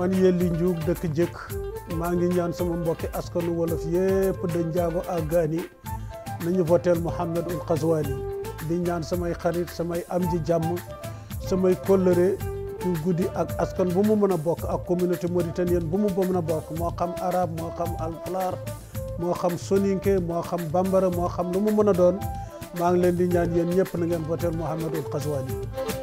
man Yelli Ndiouk dëkk jëkk maa ngi ñaan sama mbokki askanu wolof yépp da njaago àggaani nañu voteel Mouhamadul Xazwali di ñaan samay xarit samay am ji jàmm samay kóllëre pour guddi ak askan bu mu mën a bokk ak communauté mauritanienne bu mu mën a bokk moo xam arabe moo xam alpulaar moo xam soninke moo xam bambara moo xam lu mu mën a doon maa ngi leen di ñaan yéen ñëpp na ngeen voteel Mouhamadul Xazwali